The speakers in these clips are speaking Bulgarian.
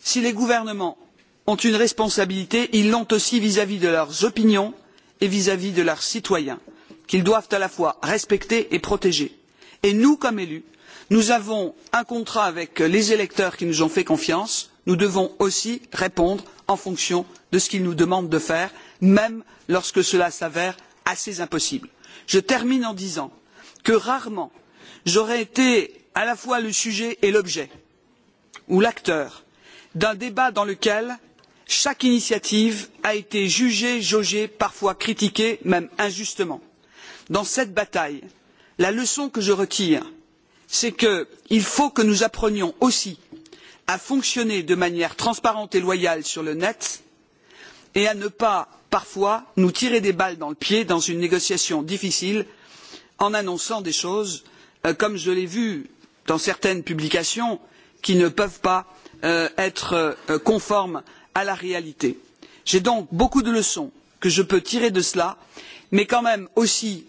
si les gouvernements ont une responsabilité ils l'ont aussi vis à vis de leurs opinions et vis à vis de leurs citoyens qu'ils doivent à la fois respecter et protéger. et nous comme élus nous avons un contrat avec les électeurs qui nous ont fait confiance nous devons aussi répondre en fonction de ce qu'ils nous demandent de faire même lorsque cela s'avère assez impossible. je termine en disant que rarement j'aurais été à la fois le sujet et l'objet ou l'acteur d'un débat dans lequel chaque initiative a été jugée, jaugée, parfois critiquée, même injustement. Dans cette bataille, la leçon que je retire, c'est qu'il faut que nous apprenions aussi à fonctionner de manière transparente et loyale sur le net et à ne pas parfois nous tirer des balles dans le pied dans une négociation difficile en annonçant des choses comme je l'ai vu dans certaines publications qui ne peuvent pas être conformes à la réalité. j'ai donc beaucoup de leçons que je peux tirer de cela mais quand même aussi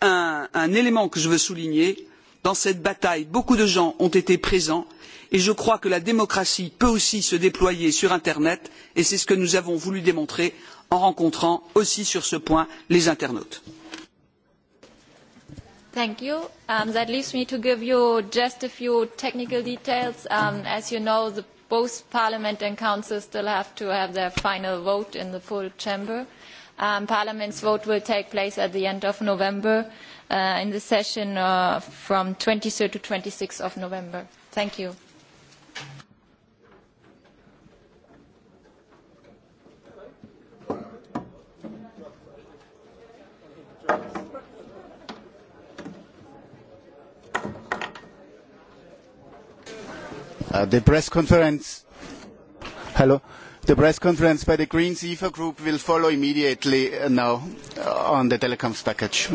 un élément que je veux souligner dans cette bataille beaucoup de gens ont été présents et je crois que la démocratie peut aussi se déployer sur internet et c'est ce que nous avons voulu démontrer en rencontrant aussi sur ce point les internautes. Thank you. Um, that leaves me to give you just a few technical details. Um, as you know, the, both Parliament and Council still have to have their final vote in the full chamber. Um, Parliament's vote will take place at the end of November uh, in the session uh, from 23rd to 26th of November. Thank you. the press conference. Hello. The press conference by the Greens EFA Group will follow immediately now on the telecoms package.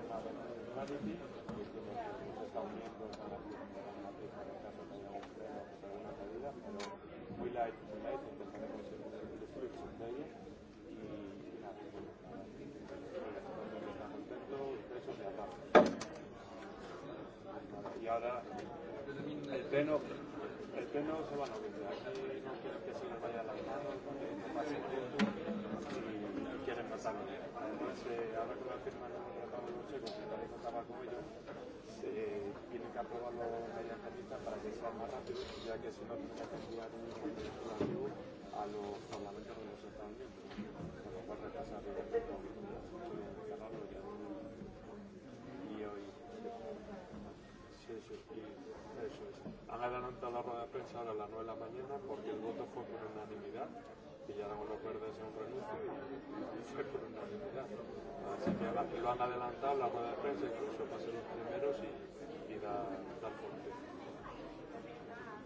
tema y ahora el pleno el pleno se va a noviembre, aquí no quieren que se les vaya las manos, que pase el tiempo y quieren matarlo se tiene que aprobarlo mediante para que sea más rápido, ya que si no tendría que enviar un legislativo a los parlamentos de los Estados Unidos, y hoy. Sí, sí, eso es. Han adelantado la rueda de prensa ahora a las 9 de la mañana porque el voto fue por unanimidad, y ya damos los verdes en un renuncio y fue por unanimidad lo han adelantado la rueda de prensa incluso para ser los primeros y, y dar, dar fuerte.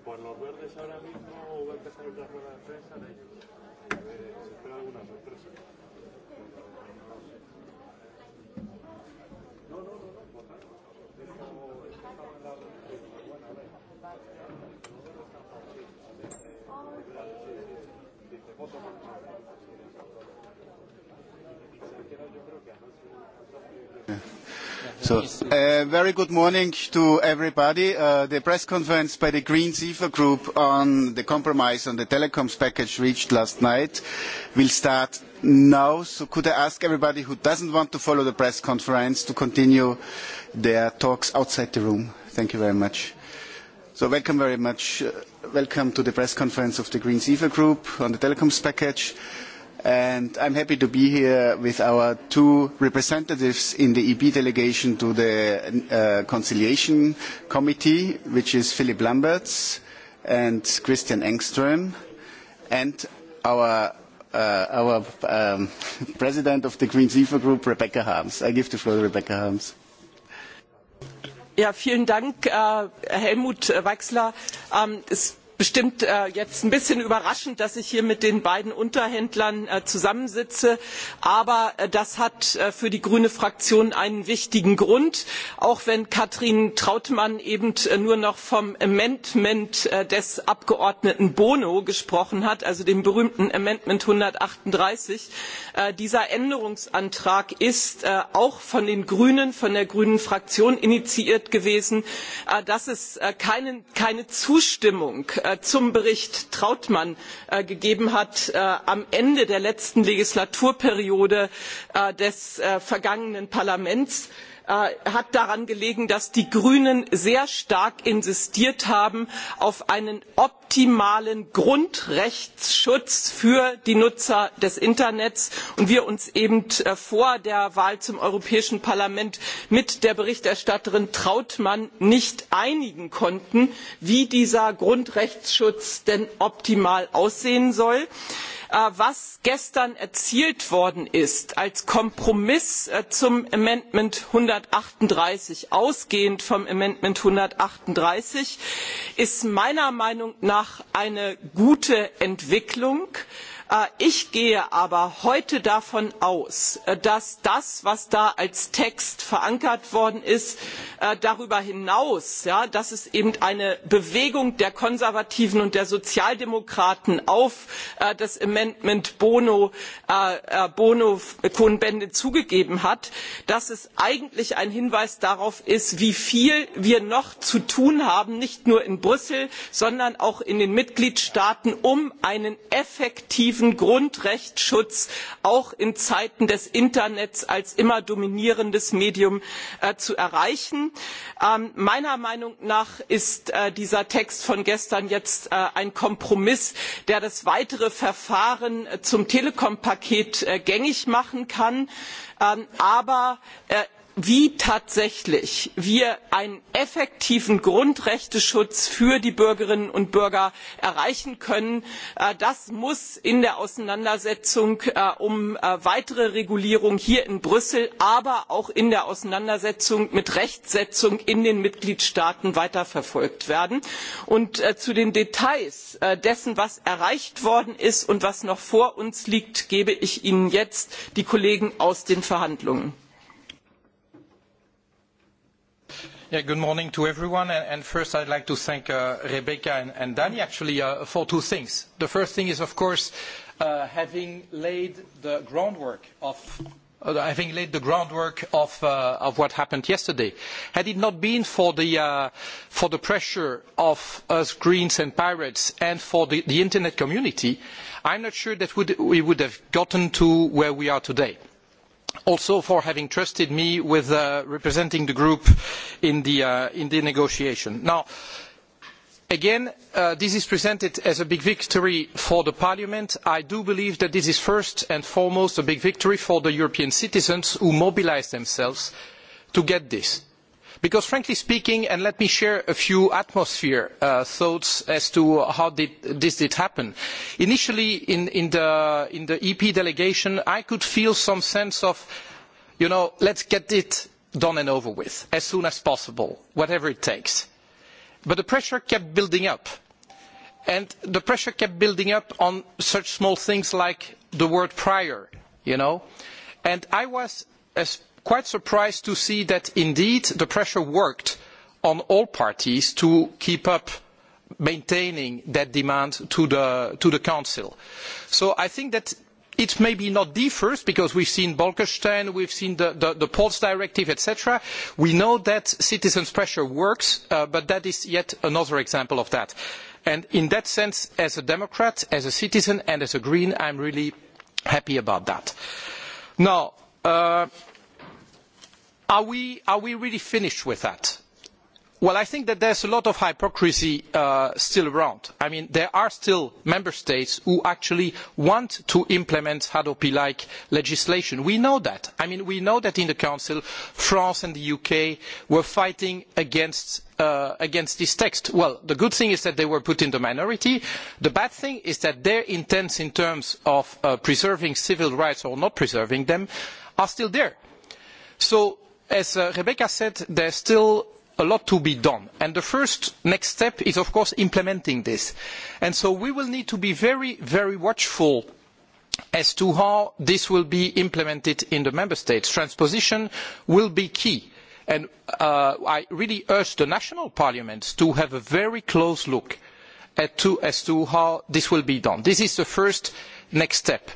Pues los verdes ahora mismo va a empezar otra rueda de prensa de ellos. A se espera alguna sorpresa. No, no, no, no, Bueno, a ver. Dice, voto por So, uh, very good morning to everybody. Uh, the press conference by the Green Zephyr Group on the compromise on the telecoms package reached last night will start now. So could I ask everybody who doesn't want to follow the press conference to continue their talks outside the room? Thank you very much. So welcome very much. Uh, welcome to the press conference of the Green Zephyr Group on the telecoms package and I'm happy to be here with our two representatives in the EP delegation to the Conciliation Committee, which is Philip Lamberts and Christian Engström, and our our president of the Green Zephyr Group, Rebecca Harms. I give the floor to Rebecca Harms. Ja, vielen Dank, Helmut bestimmt jetzt ein bisschen überraschend dass ich hier mit den beiden unterhändlern zusammensitze aber das hat für die grüne fraktion einen wichtigen grund auch wenn kathrin trautmann eben nur noch vom amendment des abgeordneten bono gesprochen hat also dem berühmten amendment. einhundertachtunddreißig dieser änderungsantrag ist auch von den grünen von der grünen fraktion initiiert gewesen dass es keine zustimmung zum bericht trautmann gegeben hat am ende der letzten legislaturperiode des vergangenen parlaments hat daran gelegen dass die grünen sehr stark insistiert haben auf einen optimalen grundrechtsschutz für die nutzer des internets und wir uns eben vor der wahl zum europäischen parlament mit der berichterstatterin trautmann nicht einigen konnten wie dieser grundrechtsschutz denn optimal aussehen soll was gestern erzielt worden ist als kompromiss zum änderungsantrag einhundertachtunddreißig ausgehend vom änderungsantrag einhundertachtunddreißig ist meiner meinung nach eine gute entwicklung ich gehe aber heute davon aus dass das was da als text verankert worden ist darüber hinaus dass es eben eine bewegung der konservativen und der sozialdemokraten auf das amendment bono cohn bendit zugegeben hat dass es eigentlich ein hinweis darauf ist wie viel wir noch zu tun haben nicht nur in brüssel sondern auch in den mitgliedstaaten um einen effektiven effektiven grundrechtsschutz auch in zeiten des internets als immer dominierendes medium zu erreichen. meiner meinung nach ist dieser text von gestern jetzt ein kompromiss der das weitere verfahren zum telekom paket gängig machen kann aber wie tatsächlich wir einen effektiven grundrechteschutz für die bürgerinnen und bürger erreichen können das muss in der auseinandersetzung um weitere regulierung hier in brüssel aber auch in der auseinandersetzung mit rechtsetzung in den mitgliedstaaten weiterverfolgt werden. zu den details dessen was erreicht worden ist und was noch vor uns liegt gebe ich ihnen jetzt die kollegen aus den verhandlungen. Good morning to everyone. and First, I'd like to thank Rebecca and Danny actually for two things. The first thing is, of course, having laid the groundwork of what happened yesterday. Had it not been for the pressure of us Greens and Pirates and for the internet community, I'm not sure that we would have gotten to where we are today also for having trusted me with representing the group in the negotiation. Now, again, this is presented as a big victory for Parliament. I do believe that this is first and foremost a big victory for the European citizens who mobilised themselves to get this Because frankly speaking, and let me share a few atmosphere thoughts as to how this did happen. Initially, in, the, EP delegation, I could feel some sense of, you know, let's get it done and over with as soon as possible, whatever it takes. But the pressure kept building up. And the pressure kept building up on such small things like the word prior, you know. And I was, as quite surprised to see that indeed the pressure worked on all parties to keep up maintaining that demand to the Council. So I think that it may be not the first because we've seen Bolkestein, we've seen the, the, the Ports Directive, etc. We know that citizens' pressure works, but that is yet another example of that. And in that sense, as a Democrat, as a citizen, and as a Green, I am really happy about that. Now, Are we, really finished with that? Well, I think that there is a lot of hypocrisy still around. I mean, there are still member states who actually want to implement Hadopi-like legislation. We know that. I mean, we know that in the Council, France and the UK were fighting against against this text. Well, the good thing is that they were put in the minority. The bad thing is that their intents in terms of preserving civil rights or not preserving them are still there. So as Rebecca said, there is still a lot to be done. And the first next step is, of course, implementing this. And so we will need to be very, very watchful as to how this will be implemented in the member states. Transposition will be key. And I really urge the national parliaments to have a very close look as to how this will be done. This is the first next step.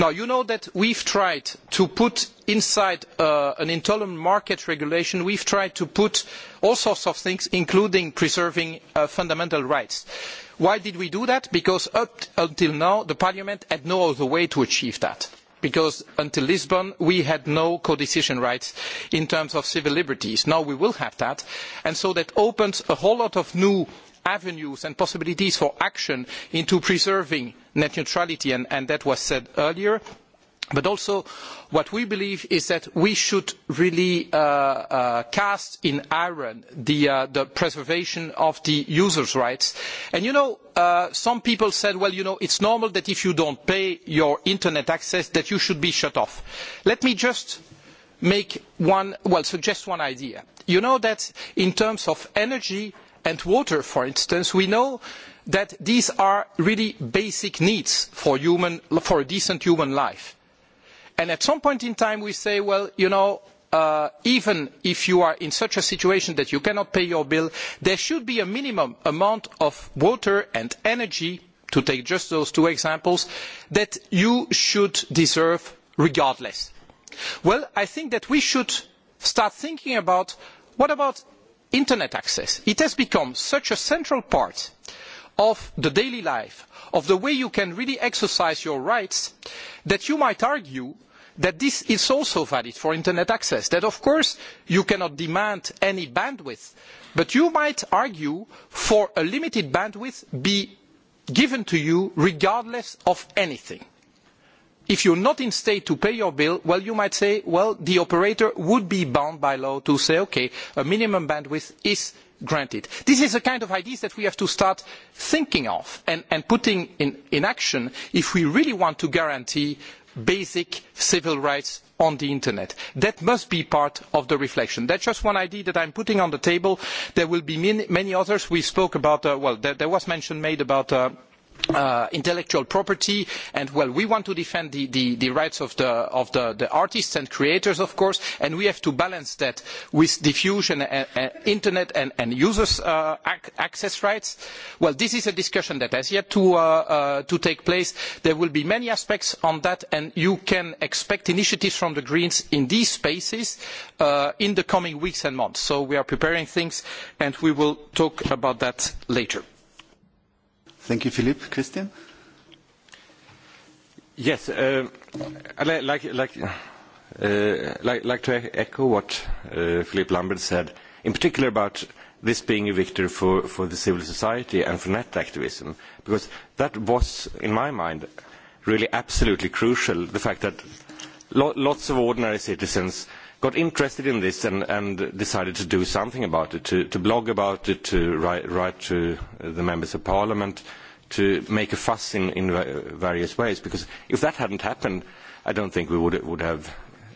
Now, you know that we have tried to put inside an intolerant market regulation, we have tried to put all sorts of things, including preserving fundamental rights. Why did we do that? Because up until now, Parliament had no other way to achieve that because until Lisbon we had no codecision rights in terms of civil liberties. Now we will have that, and so that opens a whole lot of new avenues and possibilities for action into preserving net neutrality, and that was said earlier. But also, what we believe is that we should really cast in iron the, preservation of the users' rights. And you know, some people said, well, you know, it's normal that if you don't pay your internet access, that you should be shut off. Let me just make one, well, suggest one idea. You know that in terms of energy, and water, for instance, we know that these are really basic needs for, a decent human life. And at some point in time, we say, well, you know, even if you are in such a situation that you cannot pay your bill, there should be a minimum amount of water and energy, to take just those two examples, that you should deserve regardless. Well, I think that we should start thinking about what about internet access. It has become such a central part of the daily life, of the way you can really exercise your rights, that you might argue that this is also valid for internet access. That of course you cannot demand any bandwidth, but you might argue for a limited bandwidth be given to you regardless of anything if you are not in state to pay your bill, well, you might say, well, the operator would be bound by law to say, okay, a minimum bandwidth is granted. This is the kind of ideas that we have to start thinking of and, putting in, action if we really want to guarantee basic civil rights on the internet. That must be part of the reflection. That is just one idea that I am putting on the table. There will be many others. We spoke about, well, there, was mention made about intellectual property and well we want to defend the, rights of the, artists and creators of course and we have to balance that with diffusion and internet and, users access rights well this is a discussion that has yet to, take place there will be many aspects on that and you can expect initiatives from the Greens in these spaces in the coming weeks and months so we are preparing things and we will talk about that later Thank you, Philippe. Christian? Yes. I'd like to echo what Philippe Lambert said, in particular about this being a victory for the civil society and for net activism, because that was, in my mind, really absolutely crucial, the fact that lots of ordinary citizens got interested in this and, and decided to do something about it, to, to blog about it, to write, write to the members of parliament, to make a fuss in, in various ways. Because if that hadn't happened, I don't think we would, would have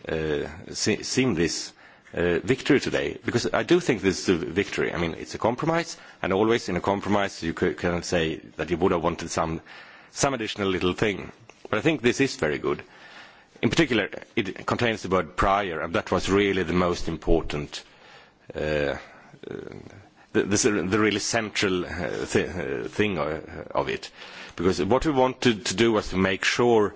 uh, see, seen this uh, victory today. Because I do think this is a victory. I mean, it's a compromise, and always in a compromise you could, can say that you would have wanted some, some additional little thing. But I think this is very good in particular, it contains the word prior, and that was really the most important, uh, the, the, the really central uh, th thing uh, of it. Because what we wanted to do was to make sure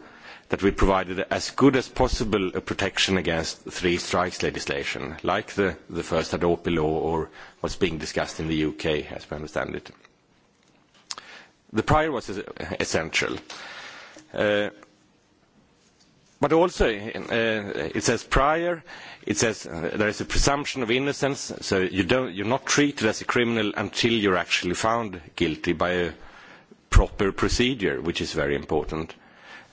that we provided as good as possible a protection against three strikes legislation, like the, the first Hadopi law or what's being discussed in the UK, as we understand it. The prior was essential. Uh, But also, it says prior, it says there is a presumption of innocence, so you don't, you're not treated as a criminal until you're actually found guilty by a proper procedure, which is very important.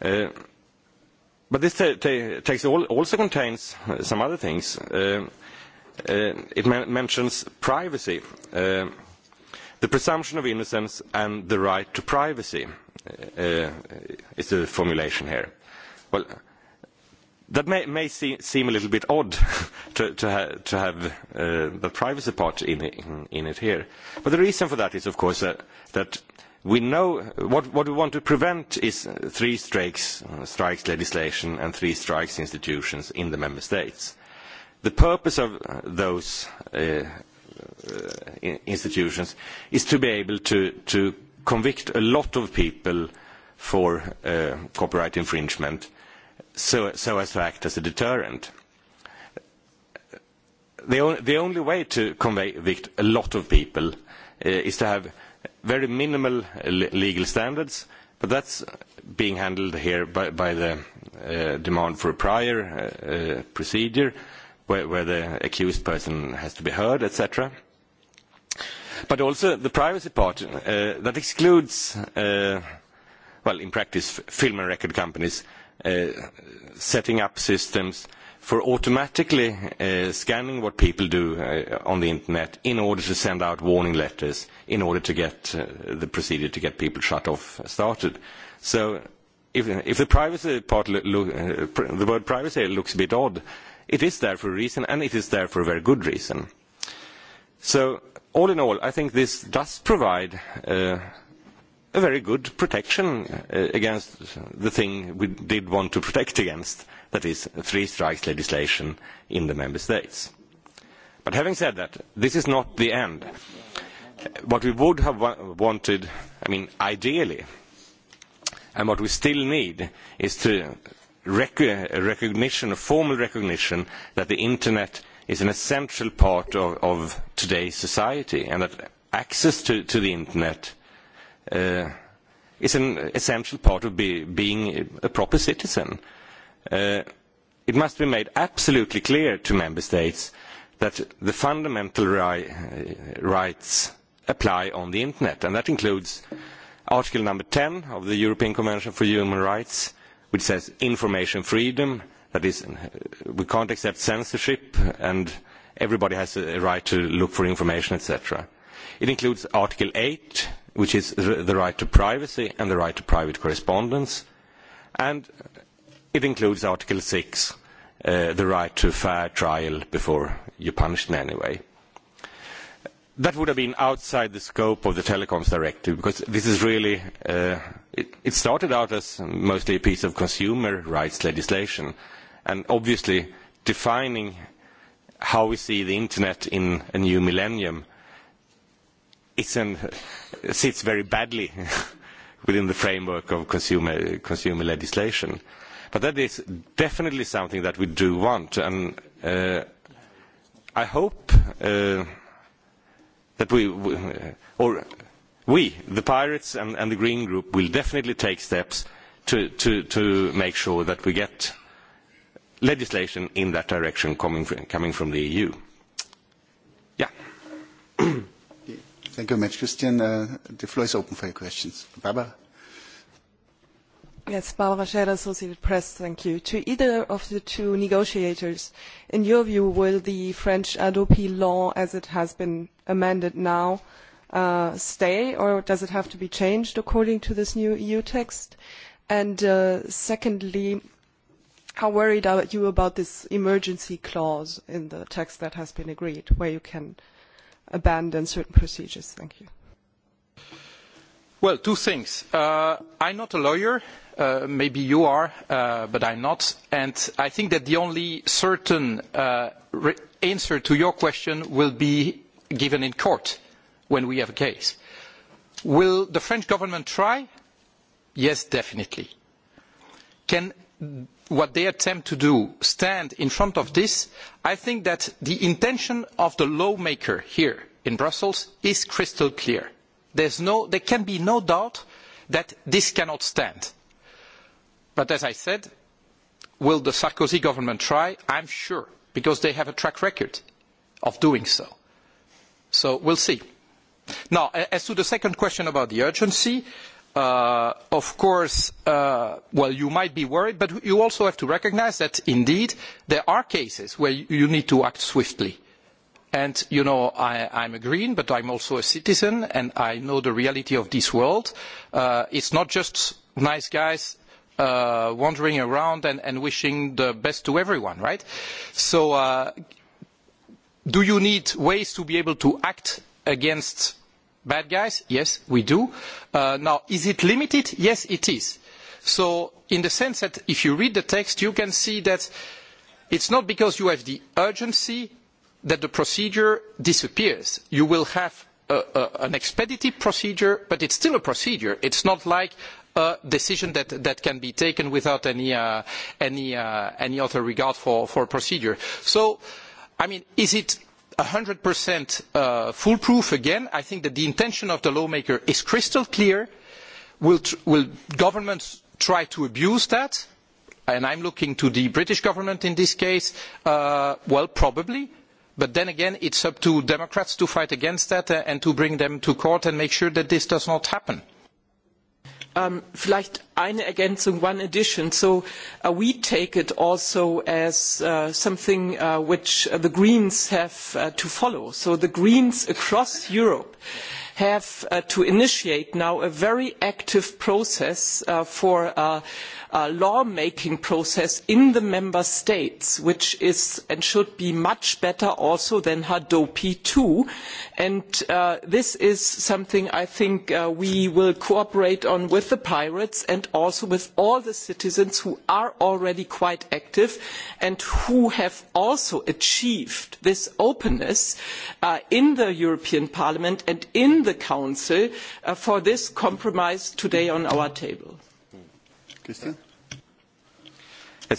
but this text also contains some other things. it mentions privacy, the presumption of innocence, and the right to privacy is the formulation here. Well, That may seem a little bit odd to have the privacy part in it here. but The reason for that is, of course, that we know what we want to prevent is three strikes legislation and three strikes institutions in the member states. The purpose of those institutions is to be able to convict a lot of people for copyright infringement so, so as to act as a deterrent. The, the only way to convict a lot of people is to have very minimal legal standards, but that's being handled here by, by the demand for a prior procedure where, where the accused person has to be heard, etc. But also the privacy part, that excludes, well, in practice, film and record companies setting up systems for automatically scanning what people do on the internet in order to send out warning letters in order to get the procedure to get people shut off started. So if, the privacy part, the word privacy looks a bit odd, it is there for a reason and it is there for a very good reason. So all in all, I think this does provide a very good protection against the thing we did want to protect against, that is three strikes legislation in the member states. But having said that, this is not the end. What we would have wanted, I mean, ideally, and what we still need is to rec recognition, a formal recognition that the internet is an essential part of, today's society and that access to, the internet is an essential part of being a proper citizen. it must be made absolutely clear to member states that the fundamental rights apply on the internet, and that includes Article number ten of the European Convention for Human Rights, which says information freedom, that is, we can't accept censorship, and everybody has a right to look for information, etc. It includes Article eight which is the right to privacy and the right to private correspondence. And it includes Article six, the right to fair trial before you're punished in any way. That would have been outside the scope of the Telecoms Directive because this is really, it it, started out as mostly a piece of consumer rights legislation. And obviously, defining how we see the Internet in a new millennium sits very badly within the framework of consumer legislation. But that is definitely something that we do want, and I hope that we, or we, the pirates and, and the Green Group, will definitely take steps to, to, to make sure that we get legislation in that direction coming from, coming from the EU. Thank you very much, Christian. The floor is open for your questions. Barbara? Yes, Barbara Scherer, Associated Press. Thank you. To either of the two negotiators, in your view, will the French Adopi law, as it has been amended now, stay, or does it have to be changed according to this new EU text? And secondly, how worried are you about this emergency clause in the text that has been agreed, where you can abandon certain procedures? Thank you. Well, two things. Uh, I'm not a lawyer. Uh, maybe you are, uh, but I'm not. And I think that the only certain uh, re- answer to your question will be given in court when we have a case. Will the French government try? Yes, definitely. Can what they attempt to do stand in front of this, I think that the intention of the lawmaker here in Brussels is crystal clear. there can be no doubt that this cannot stand. But as I said, will the Sarkozy government try? I am sure, because they have a track record of doing so. So we will see. Now, as to the second question about the urgency, uh, of course, well, you might be worried, but you also have to recognise that indeed there are cases where you need to act swiftly. And, you know, I, am a green, but I am also a citizen, and I know the reality of this world. It's not just nice guys wandering around and, wishing the best to everyone, right? So do you need ways to be able to act against Bad guys? Yes, we do. now, is it limited? Yes, it is. So, in the sense that if you read the text, you can see that it is not because you have the urgency that the procedure disappears. You will have an expedited procedure, but it's still a procedure. It is not like a decision that, can be taken without any, other regard for, procedure. So, I mean, is it hundred foolproof again. I think that the intention of the lawmaker is crystal clear. Will, governments try to abuse that? And I am looking to the British government in this case. well, probably. But then again, it is up to Democrats to fight against that and to bring them to court and make sure that this does not happen Vielleicht eine Ergänzung, one addition. So we take it also as something which the Greens have to follow. So the Greens across Europe have to initiate now a very active process for a law making process in the member states, which is and should be much better also than Hadopi II. And this is something I think we will cooperate on with the pirates and also with all the citizens who are already quite active and who have also achieved this openness in the European Parliament and in the Council for this compromise today on our table.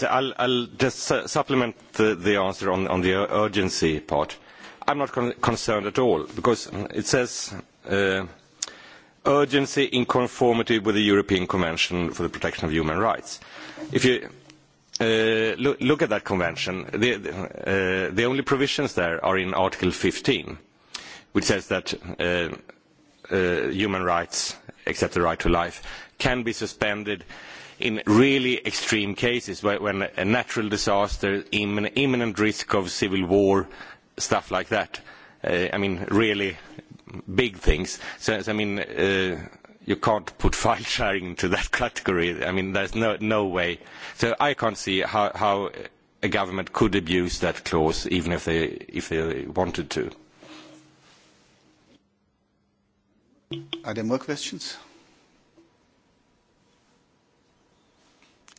I will just supplement the answer on the urgency part. I am not concerned at all because it says urgency in conformity with the European Convention for the Protection of Human Rights. If you look at that convention, the only provisions there are in Article fifteen, which says that human rights, except the right to life, can be suspended in really extreme cases when a natural disaster, imminent risk of civil war, stuff like that. I mean, really big things. So, I mean, you can't put file sharing into that category. I mean, there's no, no way. So I can't see how, how a government could abuse that clause, even if they, if they wanted to. Are there more questions?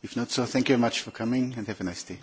If not, so thank you very much for coming and have a nice day.